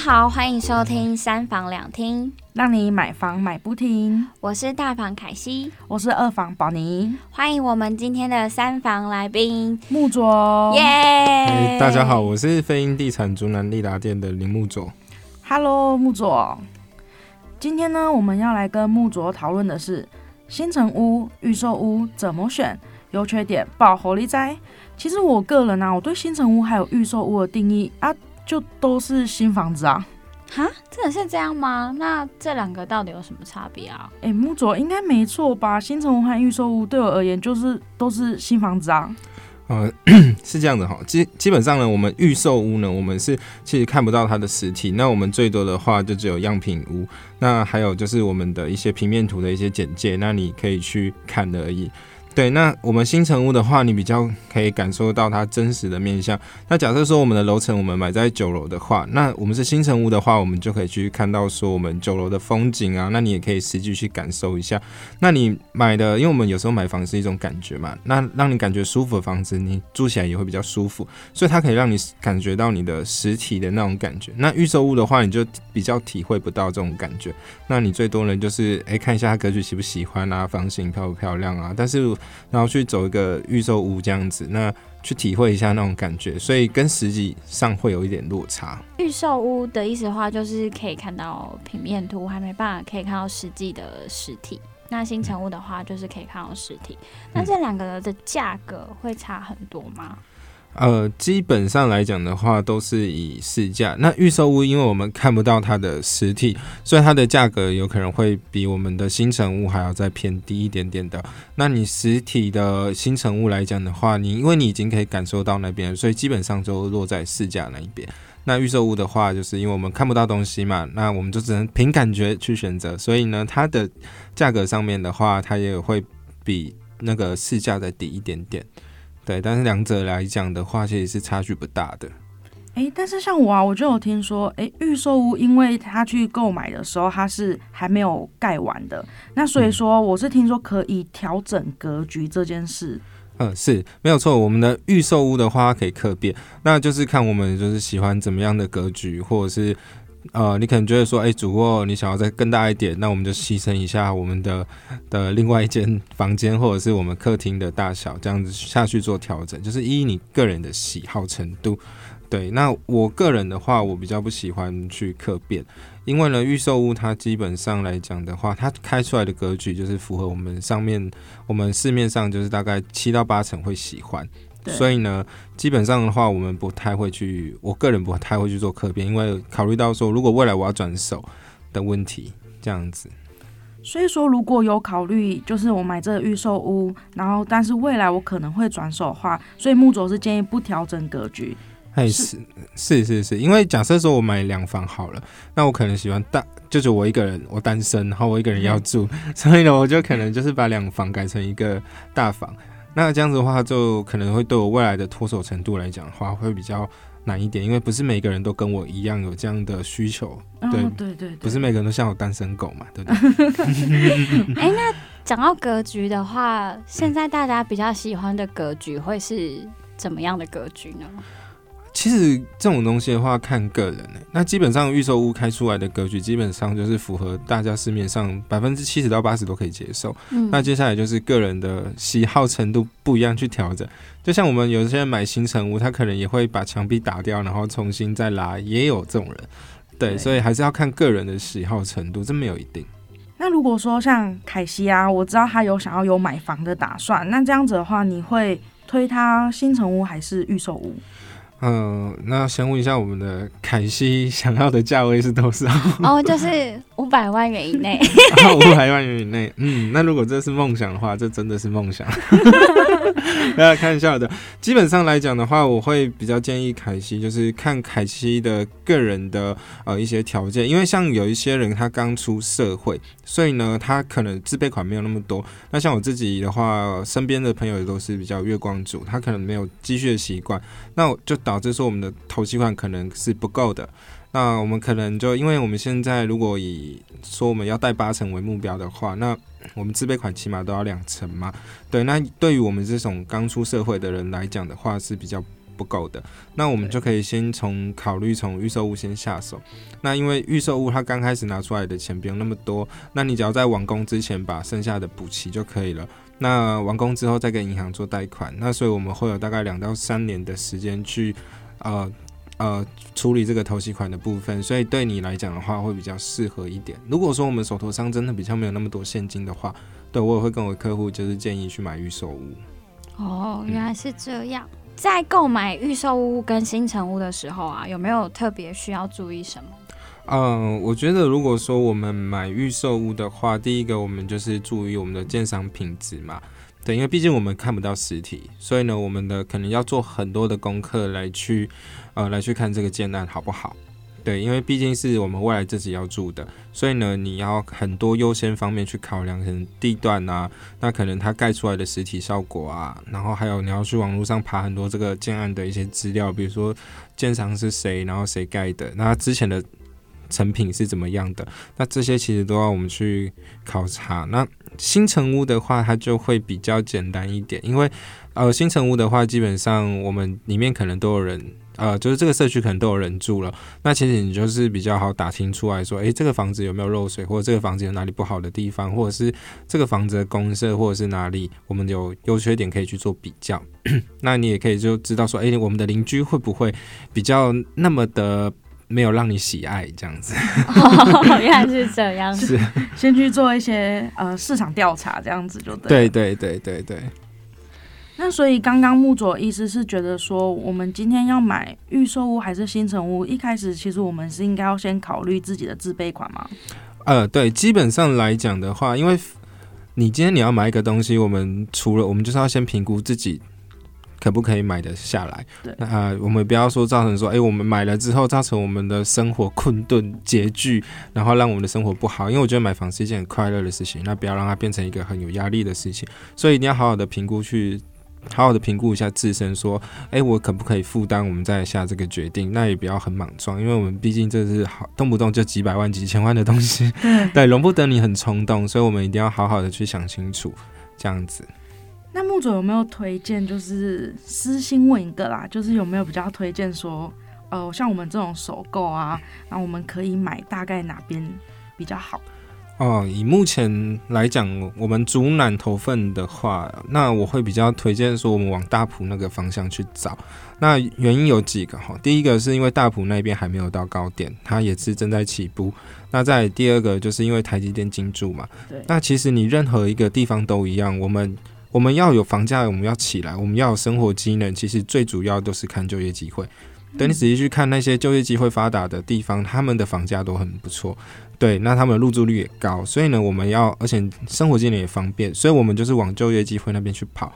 大家好，歡迎收聽三房兩廳，讓你買房買不停。我是大房凱西，我是二房寶尼。歡迎我們今天的三房來賓炑佐，耶主！Yeah! hey，大家好，我是飛鷹地產竹南立達店的林炑佐。Hello，炑佐。今天呢，我們要來跟炑佐討論的是新成屋、預售屋怎麼選，優缺點、報你知。其實我個人啊，我對新成屋還有預售屋的定義啊。就都是新房子啊？哈，真的是這樣嗎？那這兩個到底有什麼差別啊？哎、欸，炑佐應該沒錯吧？新成屋和預售屋對我而言就是都是新房子啊。呃，是這樣的哈，基基本上呢，我們預售屋呢，我們是其實看不到它的實體，那我們最多的話就只有樣品屋，那還有就是我們的一些平面圖的一些簡介，那你可以去看的而已。對，那我們新成屋的話，你比較可以感受到它真實的面向。那假設說我們的樓層，我們買在九樓的話，那我們是新成屋的話，我們就可以去看到說我們九樓的風景啊。那你也可以實際去感受一下。那你買的，因為我們有時候買房子是一種感覺嘛，那讓你感覺舒服的房子，你住起來也會比較舒服。所以它可以讓你感覺到你的實體的那種感覺。那預售屋的話，你就比較體會不到這種感覺。那你最多人就是哎、欸、看一下它格局喜不喜歡啊，房型漂不漂亮啊，但是。然後去走一個預售屋這樣子，那去體會一下那種感覺，所以跟實際上會有一點落差。預售屋的意思的話，就是可以看到平面圖，還沒辦法可以看到實際的實體。那新成屋的話，就是可以看到實體。嗯。那這兩個的價格會差很多嗎？呃，基本上來講的話，都是以市價。那預售屋，因為我們看不到它的實體，所以它的價格有可能會比我們的新成屋還要再偏低一點點的。那你實體的新成屋來講的話，你因為你已經可以感受到那邊，所以基本上就落在市價那一邊。那預售屋的話，就是因為我們看不到東西嘛，那我們就只能憑感覺去選擇，所以呢，它的價格上面的話，它也會比那個市價再低一點點。對，但是兩者來講的話，其實是差距不大的。哎，但是像我啊，我就有聽說，哎，預售屋，因為它去購買的時候，它是還沒有蓋完的，那所以說，我是聽說可以調整格局這件事。嗯，呃、是沒有錯，我們的預售屋的話可以客變，那就是看我們就是喜歡怎麼樣的格局，或者是。呃，你可能覺得說，哎、欸，主臥你想要再更大一點，那我們就犧牲一下我們的的另外一間房間，或者是我們客廳的大小，這樣子下去做調整，就是依你個人的喜好程度。對，那我個人的話，我比較不喜歡去客變，因為呢，預售屋它基本上來講的話，它開出來的格局就是符合我們上面我們市面上就是大概七到八成會喜歡。對所以呢，基本上的話，我們不太會去，我個人不太會去做客變，因為考慮到說，如果未來我要轉手的問題，這樣子。所以說，如果有考慮，就是我買這個預售屋，然後但是未來我可能會轉手的話，所以炑佐是建議不調整格局。哎是，是是是是，因為假設說我買兩房好了，那我可能喜歡大，就是我一個人，我單身，然後我一個人要住，嗯、所以呢，我就可能就是把兩房改成一個大房。那這樣子的話，就可能會對我未來的脫手程度來講的話，會比較難一點，因為不是每個人都跟我一樣有這樣的需求，哦、對,對對對，不是每個人都像我單身狗嘛，對不對,對？哎、 欸，那講到格局的話，現在大家比較喜歡的格局會是怎麼樣的格局呢？其實這種東西的話，看個人呢、欸。那基本上預售屋開出來的格局，基本上就是符合大家市面上百分之七十到八十都可以接受。嗯。那接下來就是個人的喜好程度不一樣去調整。就像我們有些人買新成屋，他可能也會把牆壁打掉，然後重新再拉，也有這種人。對。對。所以還是要看個人的喜好程度，這沒有一定。那如果說像凱西啊，我知道他有想要有買房的打算，那這樣子的話，你會推他新成屋還是預售屋？嗯、呃，那先問一下我們的凱西想要的價位是多少？哦，oh, 就是五百萬元以內，五 百，oh, 萬元以內。嗯，那如果這是夢想的話，這真的是夢想。 大家 看一下的，基本上來講的話，我會比較建議凱西，就是看凱西的個人的呃一些條件，因為像有一些人他剛出社會，所以呢他可能自備款沒有那麼多。那像我自己的話，呃、身邊的朋友也都是比較月光族，他可能沒有積蓄的習慣，那就導致說我們的頭期款可能是不夠的。那我們可能就，因為我們現在如果以說我們要貸八成為目標的話，那我們自備款起碼都要兩成嘛。對，那對於我們這種剛出社會的人來講的話，是比較不夠的。那我們就可以先從考慮從預售屋先下手。那因為預售屋它剛開始拿出來的錢不用那麼多，那你只要在完工之前把剩下的補齊就可以了。那完工之後再跟銀行做貸款。那所以我們會有大概兩到三年的時間去，呃。呃，處理這個頭期款的部分，所以對你來講的話，會比較適合一點。如果說我們手頭上真的比較沒有那麼多現金的話，對我也會跟我客戶就是建議去買預售屋。哦，原來是這樣。嗯、在購買預售屋跟新成屋的時候啊，有沒有特別需要注意什麼？嗯、呃，我覺得如果說我們買預售屋的話，第一個我們就是注意我們的建商品質嘛。對，因為畢竟我們看不到實體，所以呢，我們的可能要做很多的功課來去，呃，來去看這個建案好不好？對，因為畢竟是我們未來自己要住的，所以呢，你要很多優先方面去考量，可能地段啊，那可能它蓋出來的實體效果啊，然後還有你要去網絡上爬很多這個建案的一些資料，比如說建商是誰，然後誰蓋的，那之前的成品是怎麼樣的，那這些其實都要我們去考察。那新成屋的話，它就會比較簡單一點，因為，呃，新成屋的話，基本上我們裡面可能都有人，呃，就是這個社區可能都有人住了。那其實你就是比較好打聽出來說，誒，這個房子有沒有漏水，或者這個房子有哪裡不好的地方，或者是這個房子的公設，或者是哪裡，我們有優缺點可以去做比較。 那你也可以就知道說，誒，我們的鄰居會不會比較那麼的。沒有讓你喜愛這樣子、 哦，原來是這樣子。是先去做一些呃市場調查，這樣子就對。對對對對對。那所以剛剛炑佐意思是覺得說，我們今天要買預售屋還是新成屋？一開始其實我們是應該要先考慮自己的自備款嗎？呃，對，基本上來講的話，因為你今天你要買一個東西，我們除了我們就是要先評估自己。可不可以買得下來？對，那、呃、我們不要說造成說，誒、欸，我們買了之後造成我們的生活困頓拮據，然後讓我們的生活不好。因為我覺得買房是一件很快樂的事情，那不要讓它變成一個很有壓力的事情。所以一定要好好的評估去，去好好的評估一下自身，說，誒、欸，我可不可以負擔？我們再下這個決定。那也不要很莽撞，因為我們畢竟這是好動不動就幾百萬、幾千萬的東西， 對，容不得你很衝動。所以我們一定要好好的去想清楚，這樣子。那炑佐有沒有推薦？就是私心問一個啦，就是有沒有比較推薦說，呃，像我們這種首購啊，那、啊、我們可以買大概哪邊比較好？哦，以目前來講，我們竹南頭份的話，那我會比較推薦說，我們往大埔那個方向去找。那原因有幾個哈，第一個是因為大埔那邊還沒有到高點，它也是正在起步。那再第二個，就是因為台積電進駐嘛。對。那其實你任何一個地方都一樣，我們。我們要有房價，我們要起來，我們要有生活機能。其實最主要都是看就業機會。等你仔細去看那些就業機會發達的地方，他們的房價都很不錯，對，那他們的入住率也高。所以呢，我們要，而且生活機能也方便，所以我們就是往就業機會那邊去跑。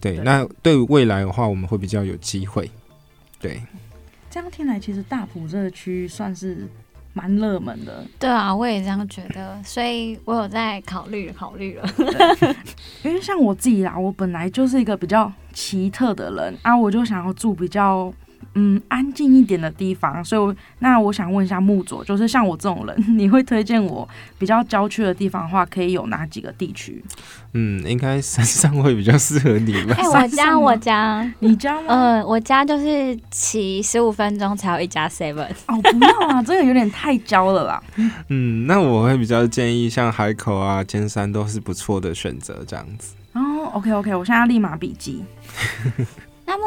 對，對那對未來的話，我們會比較有機會。對，這樣聽來，其實大埔這區算是。蠻熱門的，對啊，我也這樣覺得，所以我有在考慮考慮了。對 因為像我自己啊，我本來就是一個比較奇特的人啊，我就想要住比較。嗯，安靜一點的地方，所以那我想問一下炑佐，就是像我這種人，你會推薦我比較郊區的地方的話，可以有哪幾個地區？嗯，應該山上會比較適合你吧？哎、欸，我家，我家， 你家嗎？呃，我家就是騎十五分鐘才有一家 Seven。 哦，不要啊，這個有點太焦了啦。嗯，那我會比較建議像海口啊、尖山都是不錯的選擇，這樣子。哦，OK OK，我現在立馬筆記。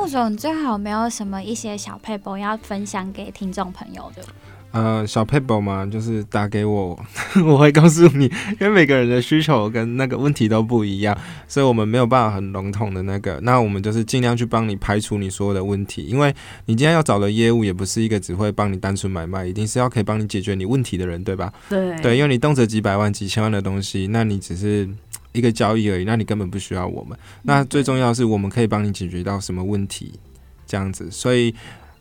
傅總，你最好沒有什麼一些小撇步要分享給聽眾朋友的。呃，小撇步嘛，就是打給我，我會告訴你，因為每個人的需求跟那個問題都不一樣，所以我們沒有辦法很籠統的那個。那我們就是盡量去幫你排除你所有的問題，因為你今天要找的業務也不是一個只會幫你單純買賣，一定是要可以幫你解決你問題的人，對吧？對、對，因為你動輒幾百萬、幾千萬的東西，那你只是。一個交易而已，那你根本不需要我們。那最重要的是，我們可以幫你解決到什麼問題，這樣子。所以，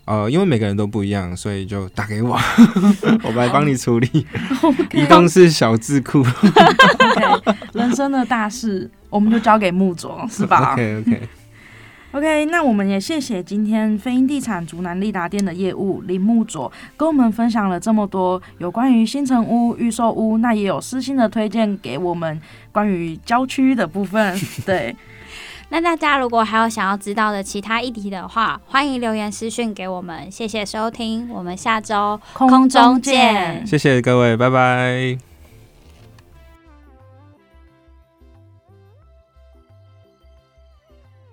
呃，因為每個人都不一樣，所以就打給我， 我們來幫你處理。移動是小智庫， okay, 人生的大事，我們就交給炑佐，是吧？OK OK、嗯。OK，那我們也謝謝今天飛鷹地產竹南利達店的業務林炑佐，跟我們分享了這麼多有關於新成屋、預售屋，那也有私心的推薦給我們關於郊區的部分。對， 那大家如果還有想要知道的其他議題的話，歡迎留言私訊給我們。謝謝收聽，我們下周空中見。中見謝謝各位，拜拜。